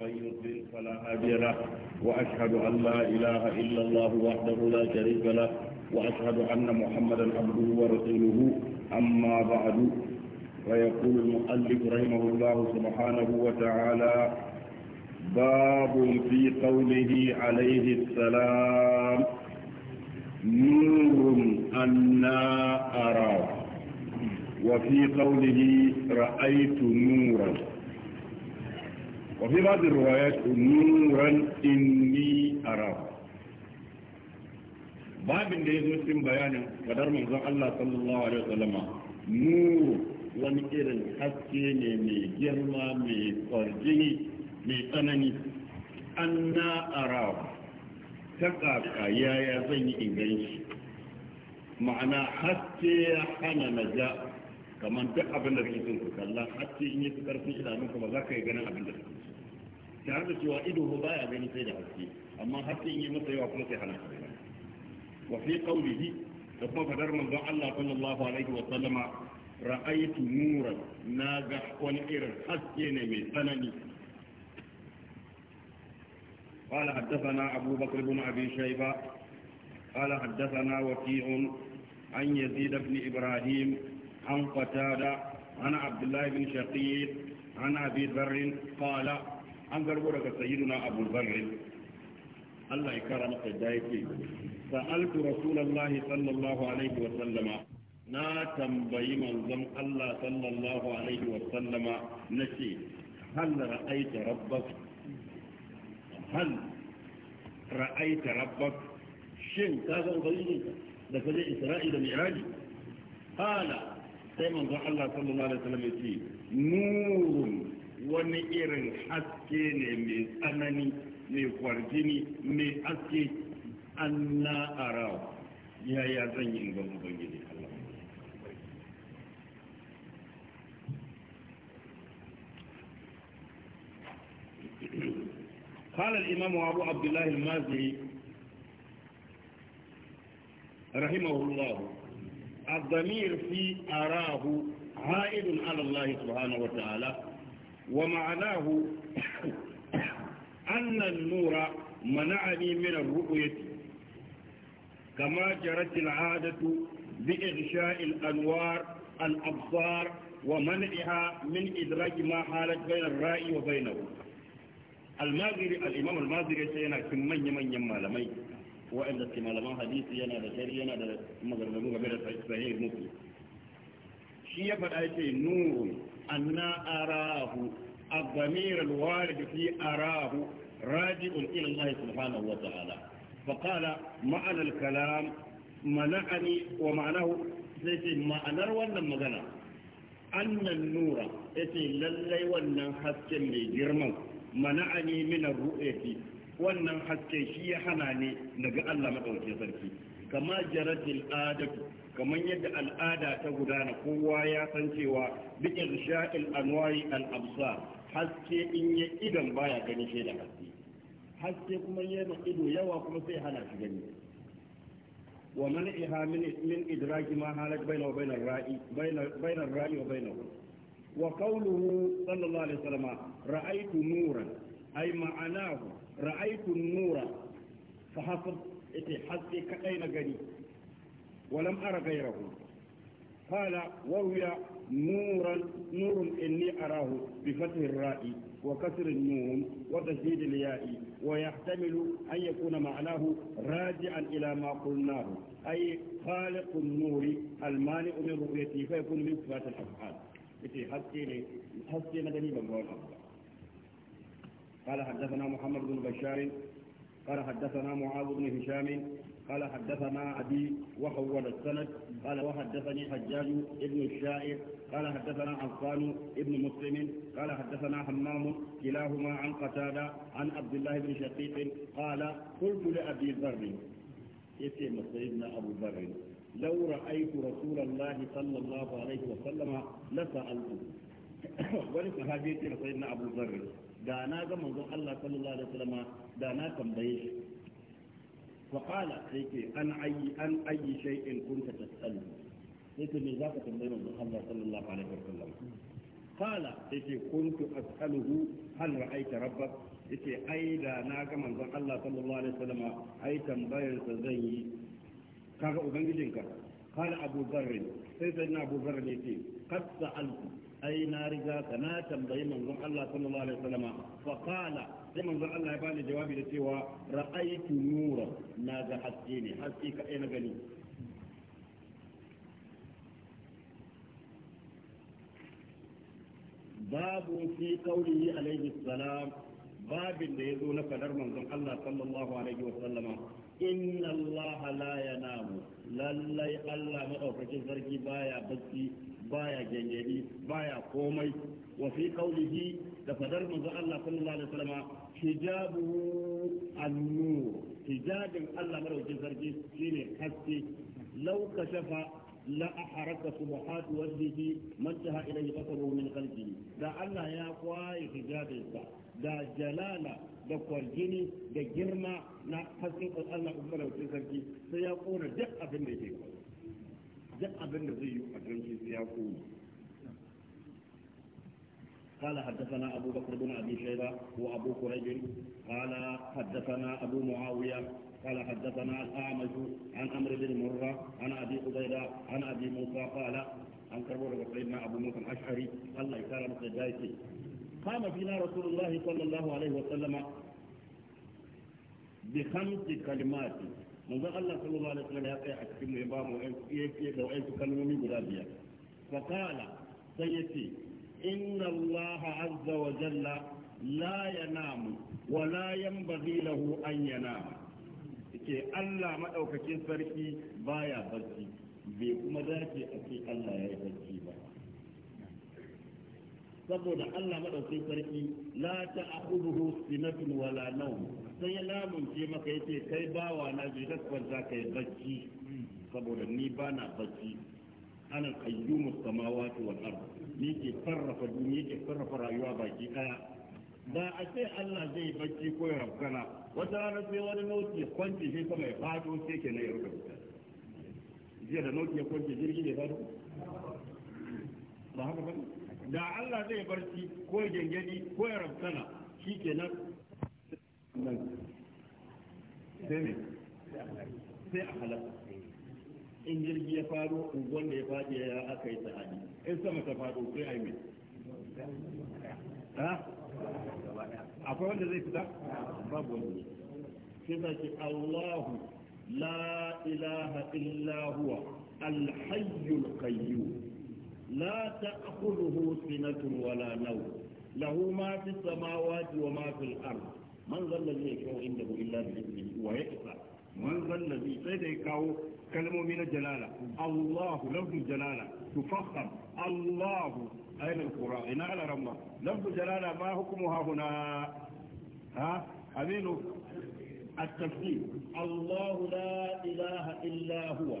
من يضلل فلا هادي له واشهد ان لا اله الا الله وحده لا شريك له واشهد ان محمدا عبده ورسوله اما بعد ويقول المؤلف رحمه الله سبحانه وتعالى باب في قوله عليه السلام نور أنا أراه وفي قوله رأيت نورا وفي بعض الروايات نورا إني أراه babin da ya zo cikin bayanin fadar manzon Allah sallallahu alaihi wasallam nuru wani irin haske ne mai girma mai kwarjini mai tsanani anna arahu ta kaka yaya zan yi inganci ma'ana haske ya hana na ja kamar duk abin da kake son ku kalla har sai in yi karfin idanunka ba za ka yi ganin abin da kake tare da cewa ido ba baya gani sai da haske amma har sai in yi masa yawa kuma sai hana ka gani wa fi qawlihi da kuma fadar manzon Allah sallallahu alaihi wa sallama ra'aytu nuran naga wani irin haske ne mai tsanani قال حدثنا أبو بكر بن أبي شيبة قال حدثنا وكيع عن يزيد بن إبراهيم عن قتادة عن عبد الله بن شقيق عن أبي ذر قال عن قربورك سيدنا أبو ذر الله يكرمك دائك سألت رسول الله صلى الله عليه وسلم نا تنبي منظم الله صلى الله عليه وسلم نشي هل رأيت ربك هل رأيت ربك شن كذا وبيجي لكذا إسرائيل مئاني قال sai manzon Allah sallallahu alaihi wasallam ya nurun wani irin haske ne mai tsanani mai kwarjini mai haske anna arawa ya zan yi ingan ubangiji Allah قال الإمام أبو عبد الله المازري رحمه الله الضمير في أراه عائد على الله سبحانه وتعالى ومعناه أن النور منعني من الرؤية كما جرت العادة بإغشاء الأنوار الأبصار ومنعها من إدراج ما حالت بين الرأي وبينه المازري الإمام المازري سينا كم من يمن يمال ميت وأن ke malaman hadisi yana da shari'a yana da magarganu game da sahih muslim shi ya faɗa yake nurun anna arahu الضمير الوارد في أراه راجع إلى الله سبحانه وتعالى فقال معنى الكلام منعني ومعناه سيسي معنى ولا مغنى أن النور منعني من الرؤية wannan haske shi ya hana ne daga Allah maɗauke sarki kama jaratin adatu kamar yadda al'ada ta gudana kowa ya san cewa duk irsha'il anwari al haske in ya idan baya gani shi da haske haske kuma yana ido yawa kuma sai hana shi gani wa man'iha min min idraki ma halak bainahu wa bainar ra'i bainar ra'i wa bainahu wa qawluhu sallallahu alaihi wasallam ra'aytu nuran ay ma'anahu رأيت النور فحسب fa كأين غني ولم أرى غيره قال وهو نورا نور إني أراه بفتح الراء وكسر النون وتشديد الياء ويحتمل أن يكون معناه راجعا إلى ما قلناه أي خالق النور المانع من رؤيته فيكون من صفات الأفعال. حسيني حسيني غريبا قال حدثنا محمد بن بشار قال حدثنا معاذ بن هشام قال حدثنا أبي وحول السند قال وحدثني حجاج ابن الشاعر قال حدثنا عفان ابن مسلم قال حدثنا حمام كلاهما عن قتادة عن عبد الله بن شقيق قال قلت لأبي ذر اسم سيدنا أبو ذر لو رأيت رسول الله صلى الله عليه وسلم لسألته ولكن هذه سيدنا أبو ذر da na ga manzon Allah sallallahu alaihi wasallam da na tambaye shi fa qala yake an ayi an ayi shay'in kunta tasalu yake me zaka tambaye manzon Allah sallallahu alaihi wasallam qala yake kuntu as'aluhu hal ra'aita rabbak yake ai da na ga manzon Allah sallallahu alaihi wasallam ai tambayar sa zan yi kaga ubangijinka qala abu dharr sai sayyidina abu dharr ne ce qad sa'altu ai na riga ka na tambayi manzon Allah sallallahu alaihi wasallam fa qala sai manzon Allah ya bani jawabi da cewa ra'aytu nura na ga haske ne haske ka ina na gani babu fi qawlihi alaihi salam babin da yazo na fadar manzon Allah sallallahu alaihi wasallam inna Allah la yanamu lallai Allah madaukakin sarki baya bacci baya gengeri baya komai wa fi qawlihi da fadar manzo Allah sallallahu alaihi wasallam hijabu an-nur hijabin Allah maraukin sarki shine haske law kashafa لا subhat wajhihi man taha ilayhi ya min من da Allah ya kwaye hijabin sa da jalala da kwargini da girma na haske Allah Ubangiji sarki sai ya kona duk abin da yake duk zai yi a ya koyi قال حدثنا أبو بكر بن أبي شيبة وأبو كريب قال حدثنا أبو معاوية قال حدثنا الأعمش عن أمر بن مرة عن أبي قبيلة عن أبي موسى قال عن كربون سيدنا أبو موسى الأشعري قال يكرم سجايته قام فينا رسول الله صلى الله عليه وسلم بخمس كلمات manzon Allah sallallahu alaihi wasallam ya tsaya a cikin mai ba mu da wayansu kalmomi guda biyar fa qala sai yace inna Allah azza wa jalla la yanamu wa la yanbaghi lahu an yanama yake Allah madaukakin sarki baya barci bai kuma dace a ce Allah ya yi barci ba saboda Allah madaukakin sarki la ta'khudhuhu sinatun wala nawm sai ya lamunce maka yace kai bawa na je da kwanta kai bacci saboda ni bana bacci ana qayyumu samawati wal ard ni ke sarrafa duniya ke sarrafa rayuwa baki daya da a ce Allah zai bacci ko ya rafkana wata rana sai wani noti ya kwanci shi sama ya fado sai na ya rubuta jiya da noti ya kwanci jirgi ne fado ba haka bane da Allah zai barci ko gengedi ko ya ramsana shi ke nan nan sai ne sai a halaka in jirgi ya faru unguwan da ya faɗi ya aka yi sa'adi in sama ta faɗo sai a yi mai akwai wanda zai fita babu wanda ne sai za ki Allahu la ilaha illa huwa al qayyum لا تأخذه سنة ولا نوم له ما في السماوات وما في الأرض من ذا الذي يشفع عنده إلا بإذنه ويكفى من ذا الذي يكاو كلمة من الجلالة الله لفظ الجلالة تفخم الله أين القرآن إن على رمى لفظ الجلالة ما حكمها هنا ها أمينه التفسير الله لا إله إلا هو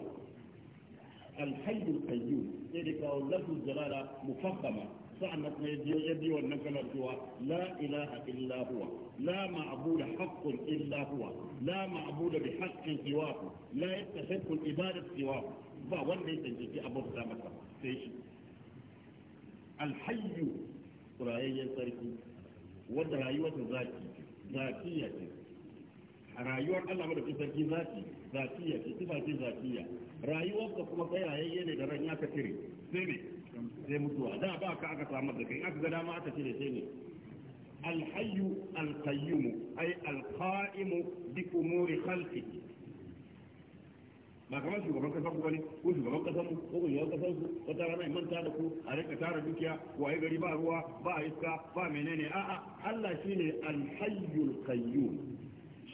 alhayyul qayyum sai da kawo lafzul jalala mufassama sa'annan kuma ya biyo ya biyo wannan kalar cewa la ilaha illa huwa la ma'budu haqqun illa huwa la ma'budu bi haqqin siwahu la yastahiqqu al-ibadatu siwahu ba wanda ya tantance abota masa sai shi sarki rayuwar Allah da sarki zati zatiya ce sifa ce zatiya rayuwar ka kuma tsayayye ne da ran ya ka tire sai ne sai mutuwa da ba ka aka samu da kai aka ga dama aka tire sai ne الحي القيوم أي bi umuri خلقه ba kamar shugaban kasar ku bane ko shugaban kasar mu ko shugaban kasar su wata rana in manta da ku a rika tara dukiya ai gari ba ruwa ba iska ba menene a'a Allah shine al-hayyul qayyum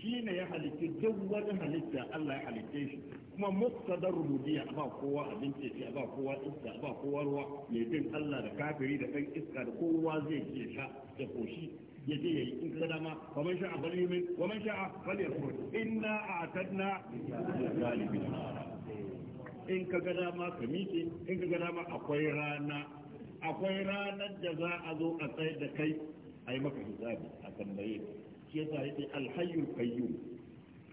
shi ne ya halitta duk wani halitta Allah ya halitta shi kuma muktadar rububiyya ba kowa abinci ce ba kowa iska ba kowa ruwa mai bin Allah da kafiri da kan iska da kowa zai ke sha da koshi ya je yayi in kada ma wa man sha'a falyumin wa man sha'a falyakfur inna a'tadna lil in ka ga dama ka miƙe in ka ga dama akwai rana akwai ranar da za a zo a tsaye da kai a yi maka hisabi a tambaye shi yasa yake alhayyul qayyum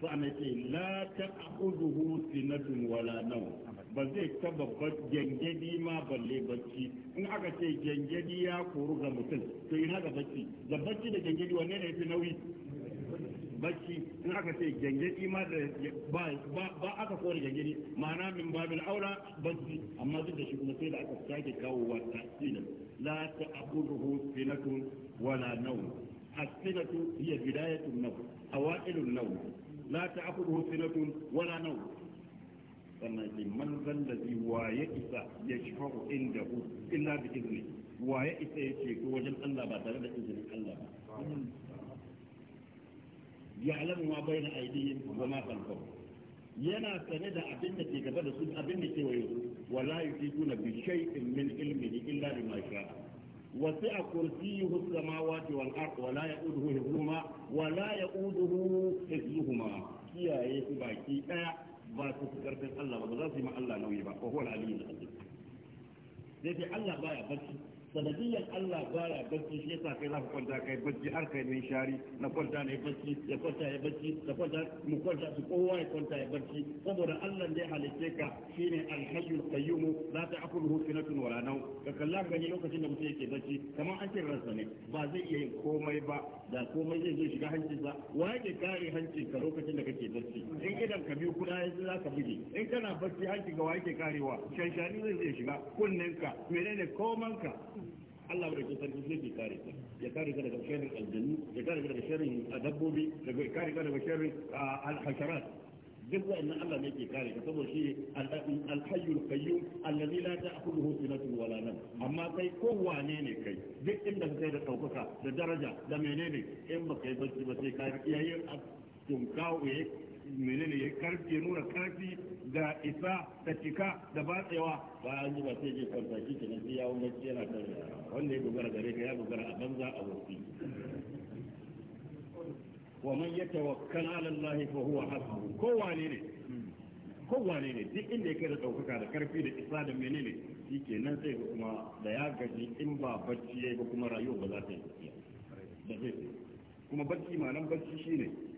to an ce la ta'khudhuhu sinatun wala nawm ba zai taba gengedi ma balle bacci in aka ce gengedi ya koru ga mutum to ina ga bacci da bacci da gengedi wanne ne fi nauyi bacci in aka ce gengedi ma da ba aka kore gengedi ma'ana min babil aura bacci amma duk da shi kuma sai da aka sake kawo wa tasila la ta'khudhuhu sinatun wala nawm السنة هي بداية النوم أوائل النوم لا تأخذه سنة ولا نوم sannan man zallazi wa ya isa ya shafa inda hu illa bi izni wa ya isa ya ce wajen Allah ba tare da izinin Allah ba yana sane da abin da ke gaba da su abin da ke wayo wala yufiquna bi shay'in min ilmihi illa bima sha'a wasi a kursi yuhu sama wati wal wala ya uduhu wala ya uduhu kiyaye baki ɗaya ba su karfin Allah ba ba za yi ma Allah nauyi ba ko hola aliyu da Allah sai dai Allah baya barci sanadiyan Allah baya bacci shi yasa kai za ka kwanta kai bacci har kai min shari na kwanta ne bacci ya kwanta ya bacci da kwanta mu kwanta su kowa ya kwanta ya bacci saboda Allah da ya halitte ka shine al za qayyum la ta'kuluhu na wala naw ka kalla gani lokacin da mutum yake bacci kamar an ce ransa ne ba zai iya yin komai ba da komai zai zo shiga hancinsa wa yake kare hancin ka lokacin da kake bacci in idan ka biyu kuɗa yanzu za ka buge in kana bacci hancin ka wa yake karewa shanshani zai zai shiga kunnen ka menene komanka Allah mai sarki sai ke kare ka ya kare ka daga sharrin ya kare ka daga sharrin ah, dabbobi daga kare ka daga sharrin ah, al-hasharat duk Allah ne ke kare ka saboda shi al-hayyul qayyum alladhi la ta'khudhuhu sinatun wala nawm amma kai ko wane ne kai duk inda ka kai da daukaka da daraja da menene in baka yi bacci ba sai ka menene ya karfi nuna karfi da isa da cika da batsewa ba an zuba sai je kan saki ke nan ya wani yana kan wanda ya dogara gare ka ya dogara a banza a wasi wa man yatawakkal ala Allah fa huwa hasbuh ko ne ne ko ne ne duk inda yake da daukaka da karfi da isa da menene shi ke nan sai kuma da ya gaji in ba bacci yayi ba kuma rayuwa ba za ta yi da kuma bacci ma nan bacci shine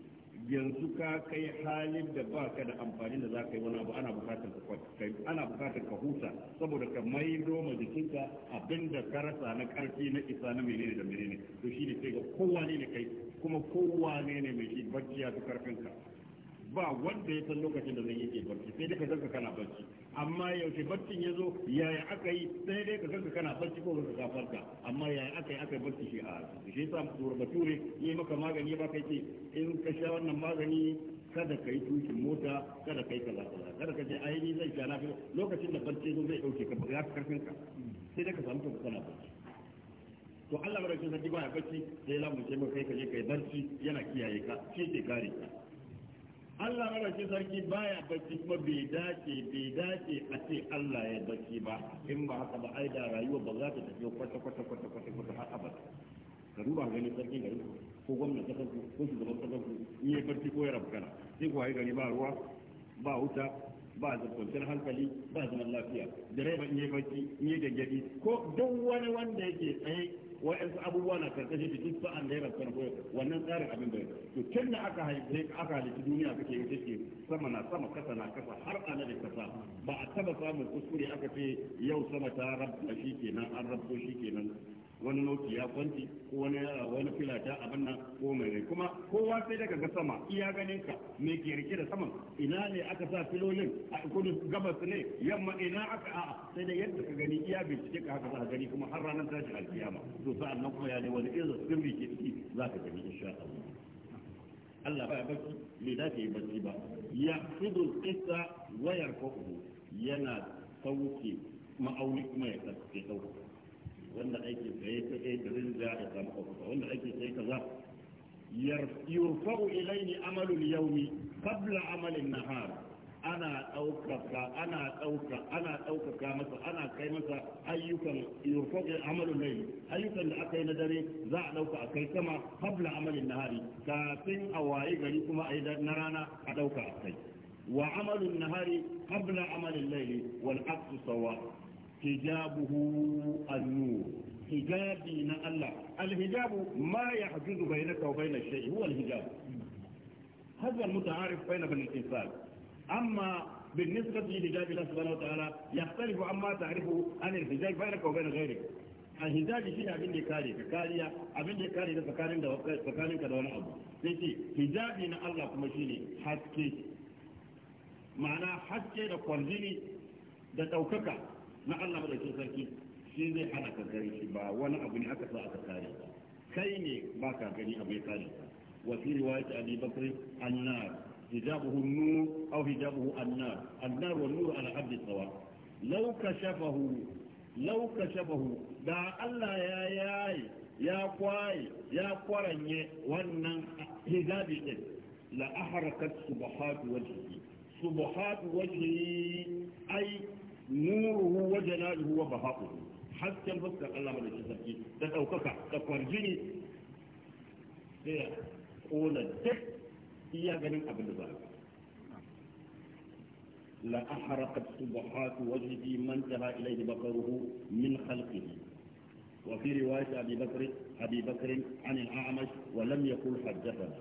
yanzu ka kai halin da ba ka da amfani da za ka yi wani abu ana bukatar ka ana bukatar ka huta saboda ka mai ma jikinka abin da ka rasa na karfi na isa na menene da menene to shi ne sai ga kowa ne ne kai kuma kowa ne ne mai shi bacci ya fi karfin ba wanda ya san lokacin da zai yake barci sai da ka zanka kana barci amma yaushe bakin ya zo yaya aka yi sai dai ka kanka kana bacci ko ka farka amma yaya aka yi aka bacci shi a shi yasa tura bature yi maka magani ba kai ce in ka sha wannan magani kada ka yi tukin mota kada ka yi kaza kaza kada ka ce ai ni zai sha na lokacin da bacci zo zai dauke ka ya karfin ka sai dai ka samu ka kana bacci to Allah barakin sarki ba ya bacci sai lamu ce ma kai ka je kai barci yana kiyaye ka shi ke kare ka Allah madaukin sarki baya bacci kuma bai dace bai dace a ce Allah ya bacci ba in ba haka ba ai da rayuwa ba za ta tafi kwata kwata kwata kwata kwata har abada ka duba gani sarkin garin ko gwamnati ta kanku ko shugaban ta kanku in ya barci ko ya rabkana sai ku wayi gari ba ruwa ba wuta ba kwanciyar hankali ba zaman lafiya direba in ya barci in ya gaggadi ko duk wani wanda yake tsaye wayansu abubuwa na karkashin da duk sa'an da ya rasu farko wannan tsarin abin bai to can da aka haife aka halitta duniya kake yi take sama na sama kasa na kasa har ana da kasa ba a taba samun kuskure aka ce yau sama ta rabta shi kenan an rabto shi kenan wani noti ya kwanci ko wani yara wani filata abin nan ko mai rai kuma kowa sai daga ga sama iya ganin ka me ke da saman ina ne aka sa filolin a kudu gabas ne yamma ina aka a sai da yadda ka gani iya bincike ka haka za ka gani kuma har ranar tashi alkiyama to sa'an nan kuma ya ne wani irin sirri ke ciki za ka gani insha Allah Allah ba ya bacci bai dace yi bacci ba ya fidul qissa wayar yarfahu yana sauke ma'auni kuma ya sauke wanda aiki sai ta kai da rinja a samu kwakwata wanda aiki sai kaza yurfa'u ilayni amalul yawmi qabla amalin nahar ana ɗaukaka ana ɗauka ana ɗaukaka masa ana kai masa ayyukan yurfaɗin amalin lai ayyukan da aka yi na dare za a ɗauka a kai sama habla amalin nahari kafin a waye gari kuma a yi na rana a ɗauka a kai wa amalin nahari habla amalin laili wal aksu sawa hijabuhu an-nur hijabi na Allah al-hijabu ma yahjuzu bainaka wa bain ash-shay'i huwa al-hijab هذا المتعارف بين بني الإنسان أما بالنسبة لحجاب الله سبحانه وتعالى يختلف عما تعرفه عن الحجاب بينك وبين غيرك alhijabi shine abin da ya kare ka kariya abin da ya kare da tsakanin da tsakanin ka da abu sai ce hijabi na Allah kuma shine haske ma'ana haske da kwarjini da ɗaukaka. na Allah madaukin sarki shi zai hana ka gari shi ba wani abu ne aka sa aka kare kai ne ba ka gani abu ya kare ka wa fi riwayat abi bakr annar hijabuhu nur aw hijabuhu annar annar wa nur ala abdi sawa law kashafahu law kashafahu da Allah ya yayi ya kwaye ya kwaranye wannan hijabi din la aharakat subahat wajhi subahat wajhi ai نوره وجلاله وبهاؤه حتى المذكر الله من الشسكي تتوقفع تقرجني هي قول الدك يا من أبن الله لا أحرقت صبحات وجهي من تهى إليه بقره من خلقه وفي رواية أبي بكر أبي بكر عن الأعمش ولم يقل حدثنا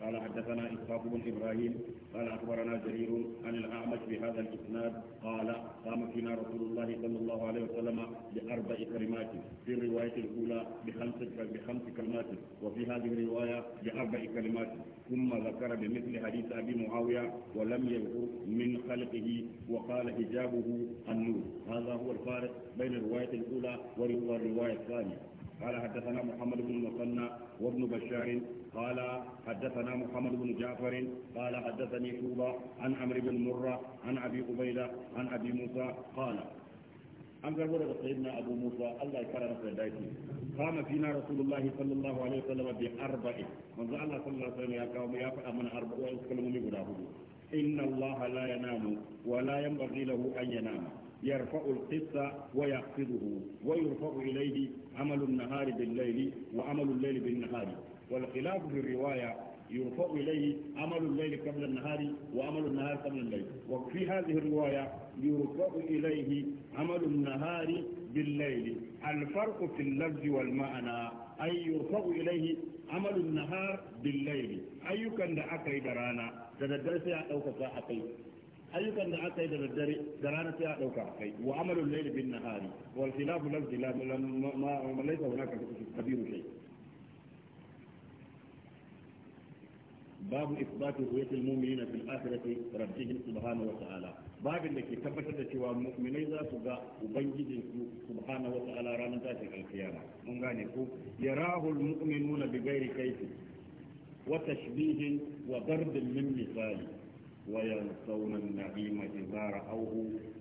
قال حدثنا إسحاق بن إبراهيم قال أخبرنا جرير عن الأعمش بهذا الاسناد قال قام فينا رسول الله صلى الله عليه وسلم باربع كلمات في الروايه الاولى بخمس بخمس كلمات وفي هذه الروايه باربع كلمات ثم ذكر بمثل حديث ابي معاويه ولم يذكر من خلقه وقال حجابه النور هذا هو الفارق بين الروايه الاولى والروايه الثانيه قال حدثنا محمد بن المثنى وابن بشار قال حدثنا محمد بن جعفر قال حدثني طوبى عن عمرو بن مره عن ابي قبيله عن ابي موسى قال عن ورد سيدنا أبو موسى الله يكرم سيدايتي قام فينا رسول الله صلى الله عليه وسلم بأربع من زعل الله صلى الله عليه وسلم يا قوم يا فأم من أربع ويسكلم من إن الله لا ينام ولا ينبغي له أن ينام يرفع القصة ويحفظه ويرفع إليه عمل النهار بالليل وعمل الليل بالنهار والخلاف في الرواية يرفع إليه عمل الليل قبل النهار وعمل النهار قبل الليل وفي هذه الرواية يرفع إليه عمل النهار بالليل الفرق في اللفظ والمعنى أي يرفع إليه عمل النهار بالليل أيكا دعاك درانا تدرس يا أو كفاحتي أي كان aka درانا يا أوكا da وعمل الليل بالنهار والخلاف لفظ لا ما ليس هناك كبير شيء babu isbatu ruwayatul mu'minina fil akhirati rabbihim subhanahu wa ta'ala babin da ke tabbatar da cewa mu'minai za su ga ubangijin su subhanahu wa ta'ala ranar tashin alkiyama mun gane yarahu al mu'minuna bi ghairi kayfi wa misali وينسون النعيم إذا رأوه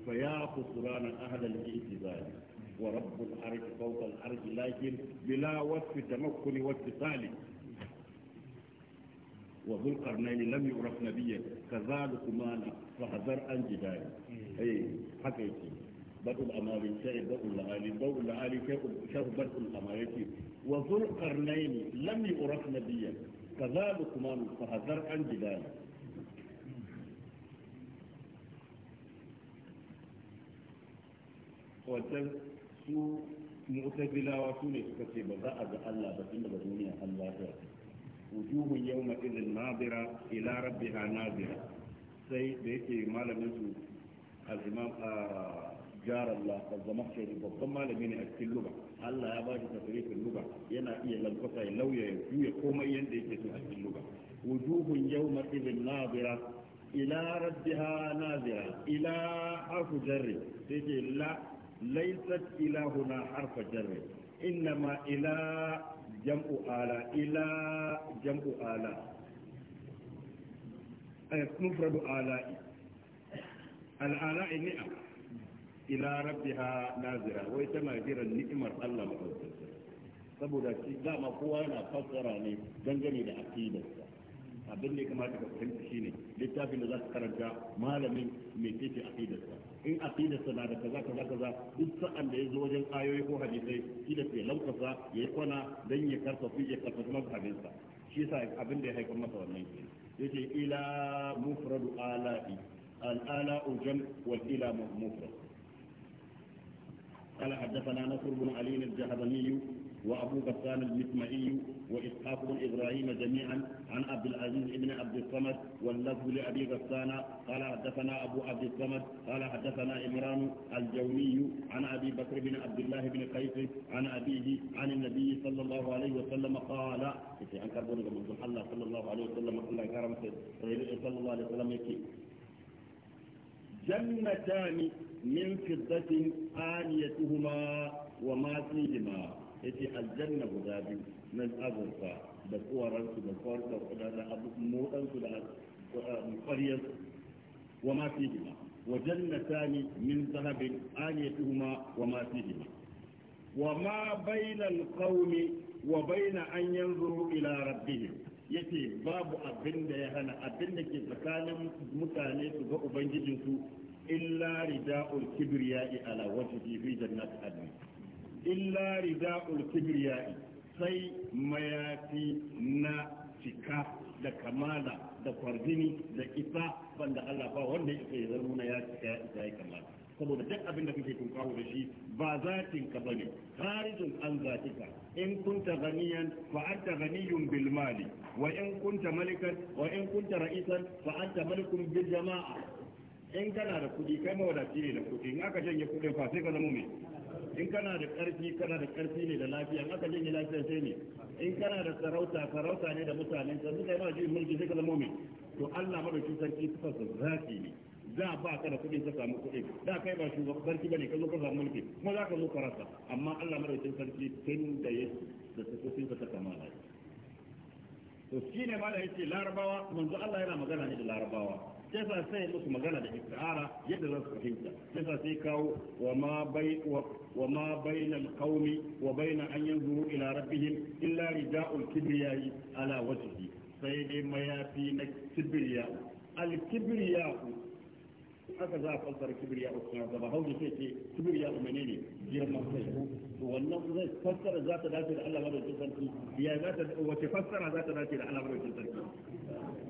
فيا خسران أهل الإعتزال ورب العرش فوق العرش لكن بلا وصف تمكن واتصال وذو القرنين لم يعرف نبيا كذلك كذلكما فحذر عن جدال اي حكى بدء الأمال شيء بدء الأهالي بدء الأهالي شيء بدء الأمال شيء وذو القرنين لم يعرف نبيا كذلك كذلكما فحذر عن جدال wajen su mu'tazilawa su كتب suka ce ba za a الله يعطيك وجوه يومئذ ناظرة إلى ربها ناظرة سي بيكي ما لم الإمام آه، جار الله الزمخ شيء بطم ما لم ينأت اللغة الله يباجي تفريق اللغة ينا إيا لم قطع لو يسو يقوم إيا ديكي تفريق اللغة وجوه يومئذ ناظرة إلى ربها ناظرة إلى حرف جري سيكي لا ليست إلى هنا حرف جري إنما إلى jam'u ala ila jam'u ala ay mufradu ala al'ala ni'am ila rabbiha nazira wai tana jiran ni'imar Allah maɗaukakin saboda shi dama kowa yana fassara ne dangane da aqidarsa abin da ya kamata ka fahimta shine littafin da za ka karanta malamin mai tece aqidarsa in aqida sana da kaza kaza kaza duk sa'an da ya zo wajen ayoyi ko hadisai shi da ke lankasa ya yi kwana don ya karfafi ya karfafi masu sa shi sa abin da ya haifar masa wannan ke ya ce ila mufradu ala'i al'ala ujan jam wal ila mufrad قال حدثنا نصر بن علي الجهضمي وأبو غسان المسمعي وإسحاق بن إبراهيم جميعا عن عبد العزيز بن عبد الصمد واللفظ لأبي غسان قال حدثنا أبو عبد الصمد قال حدثنا إمران الجوني عن أبي بكر بن عبد الله بن قيس عن أبيه عن النبي صلى الله عليه وسلم قال عن كربون الله صلى الله عليه وسلم قال صلى الله عليه وسلم يكي جنتان من فضة آنيتهما وما فيهما yace aljanna guda biyu na azurfa da kowaransu da kowaransu da abu motsansu da ƙwaryarsu wa ma fihima wa jannatani min zahabin aniyatuhuma wa ma fihima wa ma bainal qaumi wa baina an yanzuru ila rabbihim yace babu abin da ya hana abin da ke tsakanin mutane su ga ubangijinsu illa rida'ul kibriya ala wajhihi fi jannati adn illa rida'ul kibriyai sai mayafi na cika da kamala da kwarjini da isa banda Allah ba wanda yake zama na ya cika ya isa ya kamala saboda duk abin da kake tunkawo da shi ba zatin ka bane kharijun an zatika in kunta ganiyan fa anta ganiyun bil mali wa in kunta malikan wa in kunta ra'isan fa anta malikun bil jama'a in kana da kudi kai mawadaci ne da kudi in aka janye kudin fa sai ka zama mai in kana da karfi kana da karfi ne da lafiya in aka jini lafiya sai ne in kana da sarauta sarauta ne da mutane sai suka yi ma mulki sai ka zama mu'min to Allah madauki sarki suka zaki ne da ba ka da kuɗin ka samu kuɗi da kai ba shugaban sarki bane ka zo ka samu mulki kuma za ka zo ka rasa amma Allah madauki sarki tun da ya da sufofin ka kamala to shine ma da yake larabawa manzo Allah yana magana ne da larabawa sai sa sai musu magana da istiara yadda za su fahimta sai sa sai kawo wa ma bai wa ma bainal qaumi wa baina an yanzuru ila rabbihim illa rida'ul kibriyai ala wajhi sai dai mayafi na kibriya al kibriya haka za a fassara kibriya a cikin gaba hausa sai ce kibriya a menene girman kai to wannan zai fassara za ta dace da Allah madaukakin sarki ya za ta wace fassara za ta dace da Allah madaukakin sarki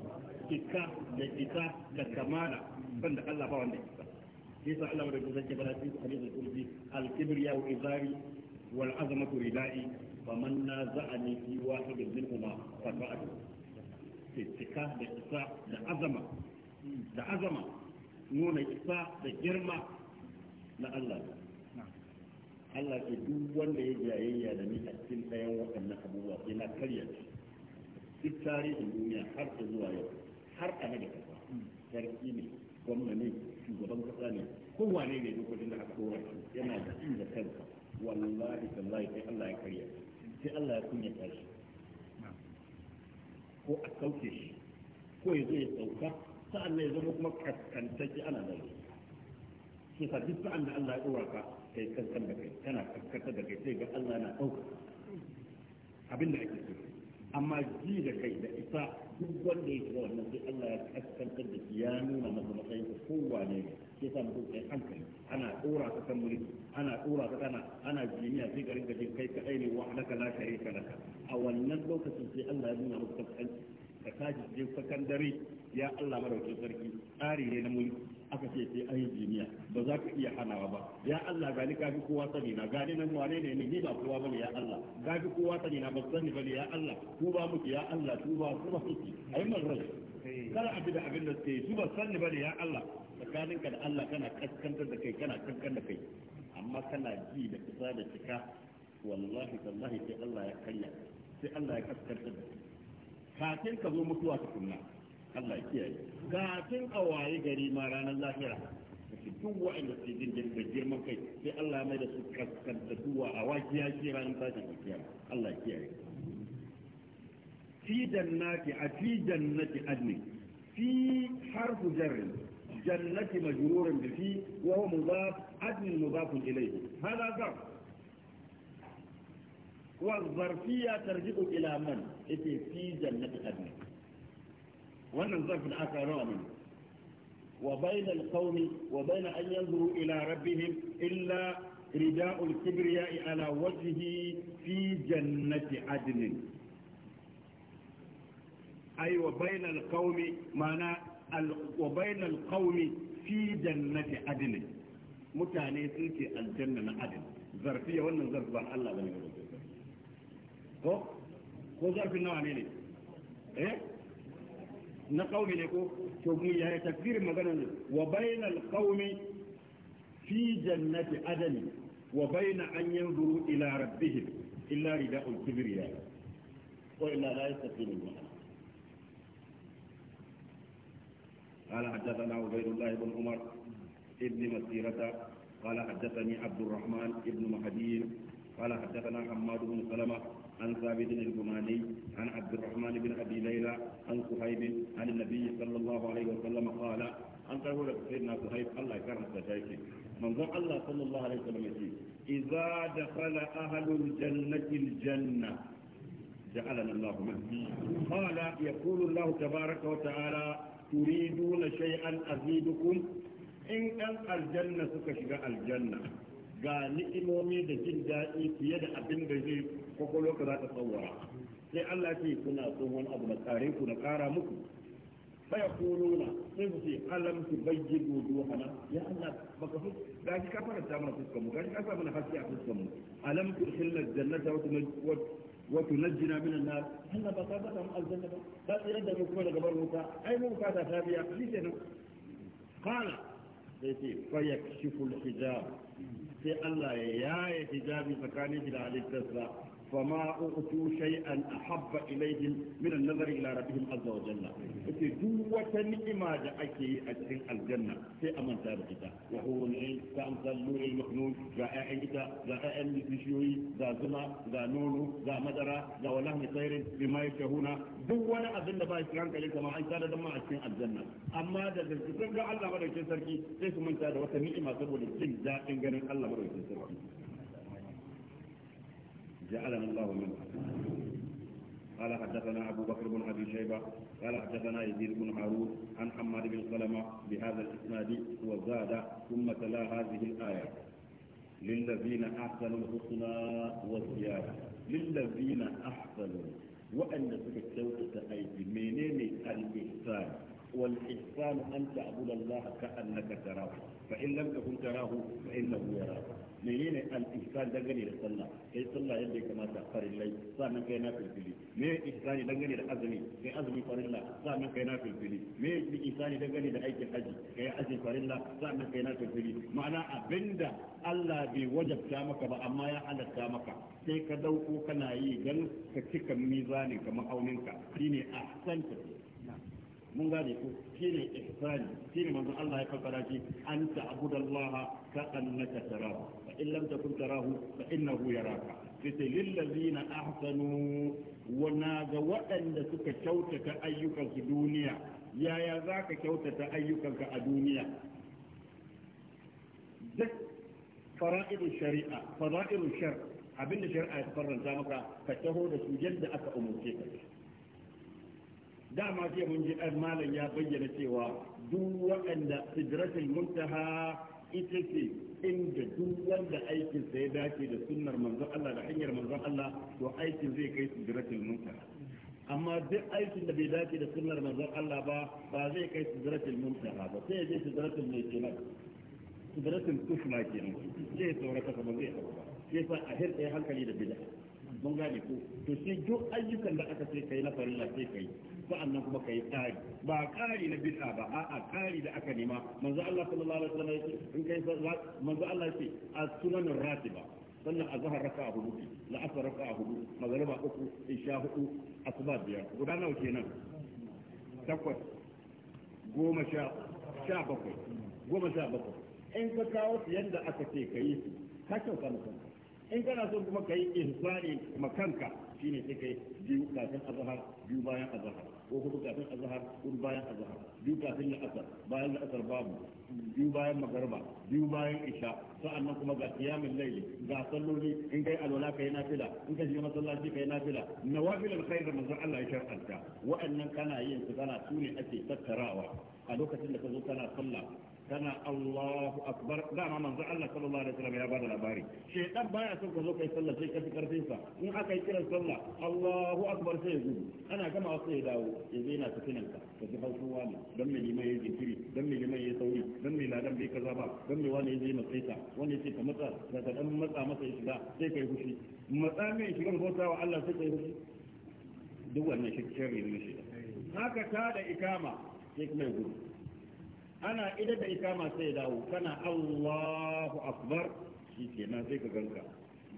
cika da isa da kamala banda Allah ba wanda isa sa Allah da zai ke bada cikin hadisul qudsi al-kibriya wa izari wal azamatu ridai wa man naza'ani fi wahidin huma fa ba'du cika da isa da azama da azama nuna isa da girma na Allah Allah ke duk wanda ya jayayya da ni a cikin ɗayan waɗannan abubuwa sai na karya duk tarihin duniya har da zuwa yau har a da kasa sarki ne gwamna ne shugaban kasa ne kowane ne lokacin da aka kowa shi yana da inda kansa wallahi tallahi sai Allah ya karya sai Allah ya kunyata shi ko a sauke shi ko ya zo ya sauka sa'an nan ya zama kuma kaskantacce ana da shi shi sa duk sa'an da Allah ya dora ka kai kankan da kai kana kaskanta da kai sai ga Allah na sauka abin da ake so amma ji da kai da isa duk wanda ya shiga wannan sai Allah ya kaskantar da ya nuna masa matsayin sa kowane ne sai sa mutum kai hankali ana dora ka kan mulki ana dora ka kana ana jiniya sai garin gajin kai ka ne wa alaka la sharika laka a wannan lokacin sai Allah ya nuna maka kaskanci ka tashi je sakandare ya Allah madaukakin sarki tsari ne na mulki aka ce sai an yi jiniya ba za ka iya hanawa ba ya Allah gani ni kafi kowa sani na gani nan wane ne ni ba kowa bane ya Allah ga fi kowa sani na ba sani bane ya Allah ku ba muke ya Allah ku ba ku ba kuki ayi magana kar abi da abin da suke su ba sani bane ya Allah tsakaninka da Allah kana kaskantar da kai kana kankan da kai amma kana ji da kusa da cika wallahi wallahi sai Allah ya kanya. sai Allah ya kaskantar da kai kafin ka zo mutuwa tukunna Allah kiyaye kafin a waye gari ma ranar lahira duk wa'anda su jin da girman kai sai Allah mai da su kaskanta duwa a waki ya kira in tashi da kiyama Allah kiyaye fi jannati a fi jannati adni fi harfu jarrin jannati majrurun bi fi wa huwa mudaf adni mudafun ilayhi hada zan wa zarfiyya tarji'u ila man ite fi jannati adni wannan الظرف aka nawa وبين القوم وبين أن ينظروا إلى ربهم إلا رداء الكبرياء على وجهه في جنة عدن أي وبين القوم معنى وبين القوم في جنة عدن متعني سنتي الجنة عدن ظرفية ولا ظرف بان الله بني هو ظرف النوع ايه na qaumi ne ko to mu ya yi magana ne wa bainal qaumi fi jannati adani wa bayna an yanzuru ila rabbihim illa rida'ul kibriya ko illa la yastaqilun قال حدثنا عبيد الله بن عمر ابن مسيرة قال حدثني عبد الرحمن ابن مهدي قال حدثنا حماد بن سلمة عن ثابت الجماني عن عبد الرحمن بن أبي ليلى عن صهيب عن النبي صلى الله عليه وسلم قال أن تقول سيدنا صهيب الله يكرم سجايك من ظن الله صلى الله عليه وسلم يقول إذا دخل أهل الجنة الجنة جعلنا الله منه قال يقول الله تبارك وتعالى تريدون شيئا أزيدكم إن كان الجنة سكشغ الجنة ga ni'imomi da jin daɗi fiye da abin da zai kwakwalo ka za ka tsawara sai Allah ce kuna tsohon wani abu da tsare ku da ƙara muku faya na, sai su ce alam su bayyi dodo hana ya Allah baka ga shi ka faranta mana fuskar mu shi ka sa mana haske a fuskar mu alam tu hilla jannata wa tunajjina minan na. Allah ba ka faɗa mu aljanna ba Ba tsira da mu kuma daga bar wuta ai mu bukata ta biya ce nan qala sai ce fayakshifu al-hijab sai Allah ya yaye hijabi tsakanin shi da halittarsa فما أؤتوا شيئا أحب إليهم من النظر إلى ربهم عز وجل إتي دوة نعمة أكي أجهن الجنة في أمن تابعتا وحور العين كأمثال نور المخنون ذا أعيتا ذا أعين بشيوي ذا زما ذا نونو ذا مدرة ذا ولهم طير بما يشهون دوة أذن با إسلام كليك ما أنت هذا ما أجهن الجنة أما ذا ذلك الله مرة يشهن سركي ليس من تابعتا نعمة سبب الجن ذا إنجن الله مرة يشهن سركي جعلنا الله منه قال حدثنا أبو بكر بن أبي شيبة قال حدثنا يزيد بن هارون عن حماد بن سلمة بهذا الإسناد وزاد ثم تلا هذه الآية للذين أحسنوا الحسنى والزيادة للذين أحسنوا وأن سكت أيدي منين الإحسان والإحسان أن تعبد الله كأنك تراه فإن لم تكن تراه فإنه يراك menene al-ihsan dangane da sallah kai sallah yadda ya kamata farillai sannan kai na filfili me ihsani dangane da azumi kai azumi farilla sannan kai na filfili me ihsani dangane da aikin haji kai haji farilla sannan kai na filfili ma'ana abinda Allah bai wajabta maka ba amma ya halatta maka sai ka dauko kana yi dan ka cika mizanin ka ma'auninka shine ahsanta mun gane ku shine ihsani shine manzo Allah ya fassara shi an ta'budallaha ka annaka tarahu fa in lam takun tarahu fa innahu yaraka sai lil ladzina ahsanu wa ga waɗanda suka kyautata ayyukansu duniya yaya za ka kyautata ayyukanka a duniya duk fara'idun shari'a fara'idun shar abinda shari'a ya faranta maka ka taho da su yadda aka umurce ka dama jiya mun ji dan malam ya bayyana cewa duk waɗanda sidratul muntaha ita ce inda duk wanda aikin sa ya dace da sunnar manzon Allah da hanyar manzon Allah to aikin zai kai sidratul muntaha amma duk aikin da bai dace da sunnar manzon Allah ba ba zai kai sidratul muntaha ba sai ya je sidratul mai kenan sidratul kusma kenan zai saurata ba zai ba sai sa a hirɗe hankali da bid'a mun gane ko to sai duk ayyukan da aka ce kai na farilla sai kai sa'annan kuma kai tsari ba kari na bid'a ba a'a kari da aka nema manzo Allah sallallahu alaihi wasallam in kai manzo Allah ce as-sunan ratiba sannan azhar raka'a hudu la'asar raka'a hudu magariba uku isha hudu asuba biyar guda nawa kenan takwas goma sha sha bakwai goma sha bakwai in ka kawo su yadda aka ce ka yi su ka kyauta na kanka in kana son kuma ka yi ihsani makanka shine sai kai biyu kafin azhar biyu bayan azhar ko hudu kafin azhar hudu bayan azhar biyu kafin la'asar bayan la'asar babu biyu bayan magarba biyu bayan isha sa'annan kuma ga qiyamul layli ga salloli in kai alwala kai nafila in kai je masallaci kai nafila nawafil alkhair manzo Allah ya shar'anta wa'annan kana yin su kana sune ake tattarawa a lokacin da ka zo kana sallah kana Allahu akbar ma manzo Allah sallallahu alaihi wasallam ya bada labari shedan baya son ka zo kai sallah sai ka fi karfin sa in aka yi kiran sallah Allahu akbar sai ya gudu ana gama sai ya dawo ya zo yana tafinan ka ka ji hausun wani dan me liman ya jinkiri dan me liman ya sauri dan me ladan bai kaza ba dan me wani ya je matsayi ka wani ya ce ka matsa ka ka dan matsa masa ya shiga sai kai fushi matsa mai shiga bauta wa Allah sai kai fushi duk wannan shirri ne shi haka ta da ikama sai kuma ya gudu ana idan da ikama sai dawo kana Allahu akbar shi na sai ka ganka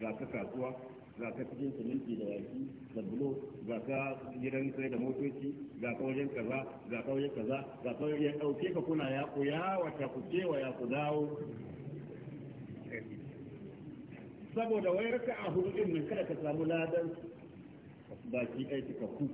ga ka kasuwa ga ka cikin siminti da yaki da bulo ga ka gidan sai da motoci ga ka wajen kaza ga ka wajen kaza ga ka wajen dauke ka kuna ya ku ya wata ku cewa ya ku dawo saboda wayar ka a hudu din nan kada ka samu ladan baki ɗaya ku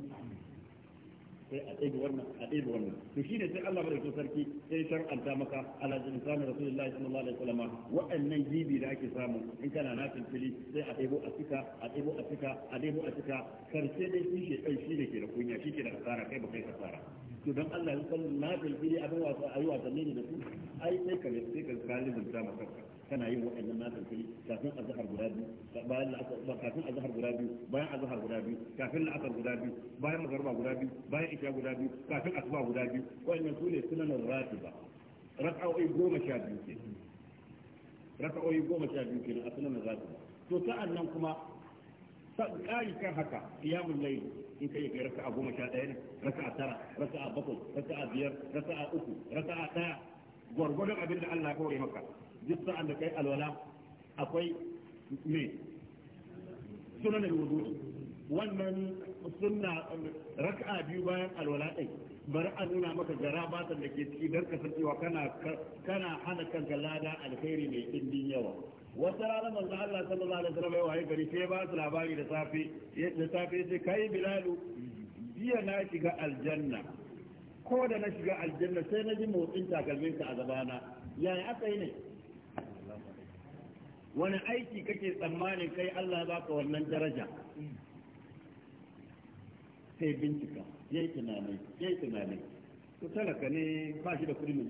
sai a ɗebe wannan a ɗebe wannan to shine sai Allah bada sarki sai shar'anta maka ala jinsan rasulullahi sallallahu alaihi wasallam wa'annan gibi da ake samu in kana na fili sai a ɗebo a cika a ɗebo a cika a ɗebo a cika karshe dai shi shi ne ke da kunya shi ke da kasara kai ba kai kasara to dan Allah ya kallon na bilbili abin a yi wasanni ne da su ai sai ka sai ka da ta maka kana yin waɗannan na bilbili kafin azhar guda biyu bayan la'asar kafin azhar guda biyu bayan azhar guda biyu kafin la'asar guda biyu bayan magharba guda biyu bayan isha guda biyu kafin asuba guda biyu waɗannan su ne sunanan ratiba raka'o'i goma sha biyu ke raka'o'i goma sha biyu ke a sunanan ratiba to sa'an nan kuma ƙari kan haka qiyamul layl in kai kai raka'a goma sha ɗaya ne raka'a tara raka'a bakwai raka'a biyar raka'a uku raka'a ɗaya gwargwadon abin da Allah ya kore maka duk sa'an da kai alwala akwai me sunan alwudu wannan sunna raka'a biyu bayan alwala ɗai bari a nuna maka gara batan da ke ciki don kasancewa kana kana hana kanka lada alkhairi mai ɗimbin yawa wata rana manzo Allah sallallahu alaihi wasallam ya waye gari sai ba su labari da safe da safe sai kai bilalu jiya na shiga aljanna ko da na shiga aljanna sai na ji motsin takalmin ka a gabana yaya aka yi ne wani aiki kake tsammanin kai Allah ya baka wannan daraja sai bincika yayi tunani yayi tunani to talaka ne ba shi da kudi mu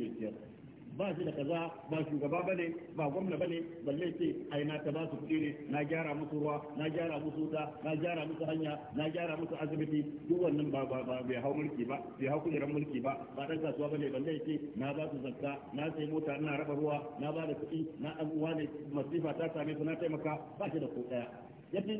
ba shi da kaza ba shugaba ne ba gwamna ba ne balle ce ai na ta ba su kuɗi ne na gyara musu ruwa na gyara musu wuta na gyara musu hanya na gyara musu asibiti duk wannan ba ba ba bai hau mulki ba bai hau kujerar mulki ba ba dan kasuwa ba ne balle ce na ba su zakka na sai mota ina raba ruwa na ba da kuɗi na abubuwa ne masifa ta same su na taimaka ba shi da ko daya